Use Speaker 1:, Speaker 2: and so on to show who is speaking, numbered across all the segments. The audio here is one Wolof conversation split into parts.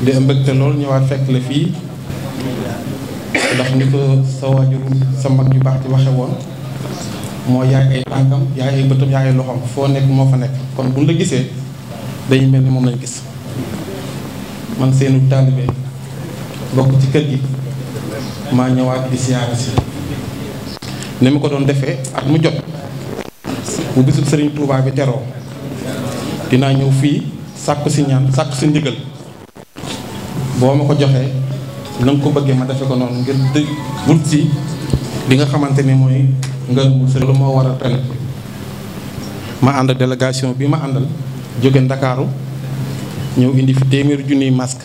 Speaker 1: di am mbégte lool ñëwaat fekk la fii ndax ni ko sa waajur sa mag yu baax di waxe woon moo yaay ay tànkam yaay ay bëtam yaay ay loxoom foo nekk moo fa nekk kon buñ la gisee dañu mel ni moom lay gis man seenu taalibe bokk ci kër gi maa ñëwaat di siyaare si ni ma ko doon defee ak mu jot bu bisub sëriñ Touba bi teroo dinaa ñëw fii sàkku si ñaan sàkku si ndigal boo ma ko joxee na ko bëggee ma defe ko noonu ngir dëgg wut si li nga xamante ni mooy ngërëmul sëriñ lu war a ren ma ànd délégation bi ma àndal jóge ndakaaru ñëw indi fi téeméeri junniy masque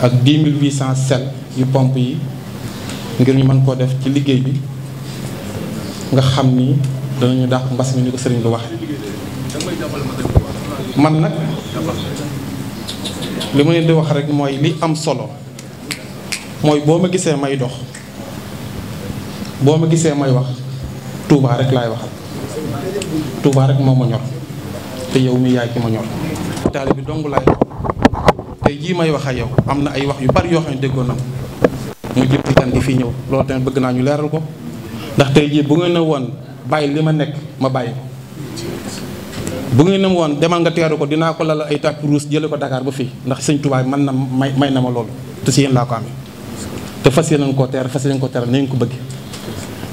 Speaker 1: ak 10 800 sel yu pompe yi ngir ñu mën koo def ci liggéey bi nga xam ni danañu dàq mbas mi ni ko sëriñ lu waxe man nag li ma leen di wax rek mooy li am solo mooy boo ma gisee may dox boo ma gisee may wax Touba rek laay waxal Touba rek moo ma ñor te yow mi yaay ki ma ñor taali bi dong laay xool tey jii may wax ak yow am na ay wax yu bari yoo xam ne déggoon na mu jëm ci gan gi fii ñëw loolu tamit bëgg naa ñu leeral ko ndax tey jii bu ngeen woon bàyyi li ma nekk ma bàyyi bu ngeen ne woon demal nga teeru ko dinaa ko lal ay tapis rouge jële ko Dakar ba fii ndax sëñ Tuubaa man na may may na ma loolu te si yéen laa ko amee te fas yéeneen koo teer fas yéeneen koo teer na ngeen ko bëggee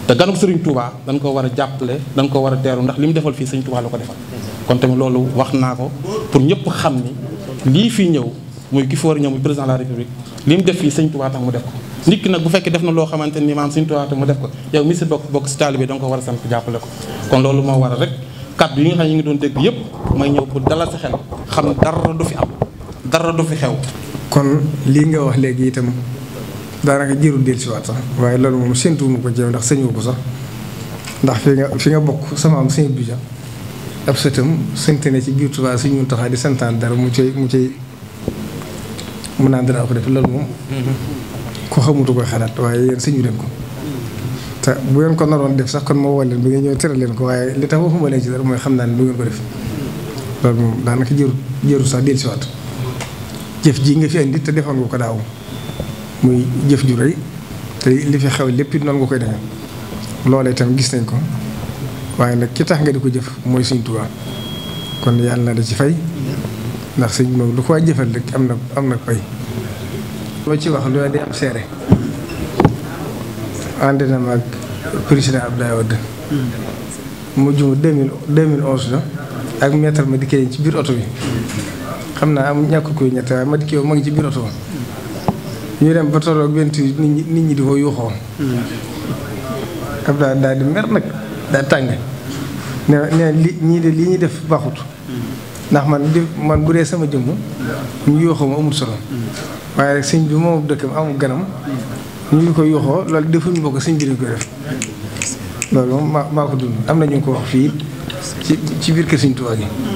Speaker 1: te ganu ko sëriñ Tuubaa dañ ko war a jàppale dañ ko war a teeru ndax li mu defal fii sëñ Tuubaa ko defal kon tamit loolu wax naa ko pour ñëpp xam ni lii fii ñëw muy ki foor li mu def fii sëñ Tuubaa tax mu def bu fekkee def na loo xamante ni maam sëñ Tuubaa tax mu def ko yow mi si bokk bokk si taalibe war a sant jàppale ko kon loolu moo war a rek kàddu yi nga xam ne ñu ngi doon dégg yëpp may ñëw pour dalal sa xel xam ne dara du fi am dara du fi xew.
Speaker 2: kon lii nga wax léegi itam daanaka jiiru dellusiwaat sax waaye loolu moom séntuwuma ko jëm ndax sëñu ko sax ndax fi nga fi nga bokk sama am sëñ bi ab sëtam sënte ne ci biir Tuubaa si ñun taxaw di santaan dara mu cay mu cay mu naan dara ko def loolu moom. Mm-hmm. ko xamutu ko xalaat waaye yéen sëñu leen ko. te bu ngeen ko naroon def sax kon moo woo leen ba ngeen ñëw tëral leen ko waaye li tax waxuma leen ci dara mooy xam naa ne du ngeen ko def loolu moom daanaka jëru jëru sax dellu si waat jëf nga fi te defoon nga daaw muy jëf ju rëy te li fi xew lépp it noonu nga koy defee loolee itam gis nañ ko waaye nag ki tax nga di ko jëf mooy Sëñ Tuubaa kon yàlla na da ci fay ndax sëñ moom lu ko jëfal rek am na am na pay loo ci wax loola day am seere. ànd na ma ak président Abdoulaye Wade mu jum 2011 la ak maître ma dikkee ci biir oto bi xam naa am ñàkk koy ñett waaye ma dikkee ma ngi ci biir oto ñu dem ba tolloog bentu nit ñi di ko yuuxoo Abdoulaye daal di mer nag daal tàng ne ne li ñii de lii ñuy def baaxut ndax man di man bu dee sama jëmm ñu yuuxoo ma amul solo waaye rek sëñ bi moom dëkkam amul ganam ñu ngi koy yoxoo loolu defuñu ko sëñ bi ko def loolu moom maa maa ko dund am na ñu ko wax fii ci ci biir kër siñ Tuubaa yi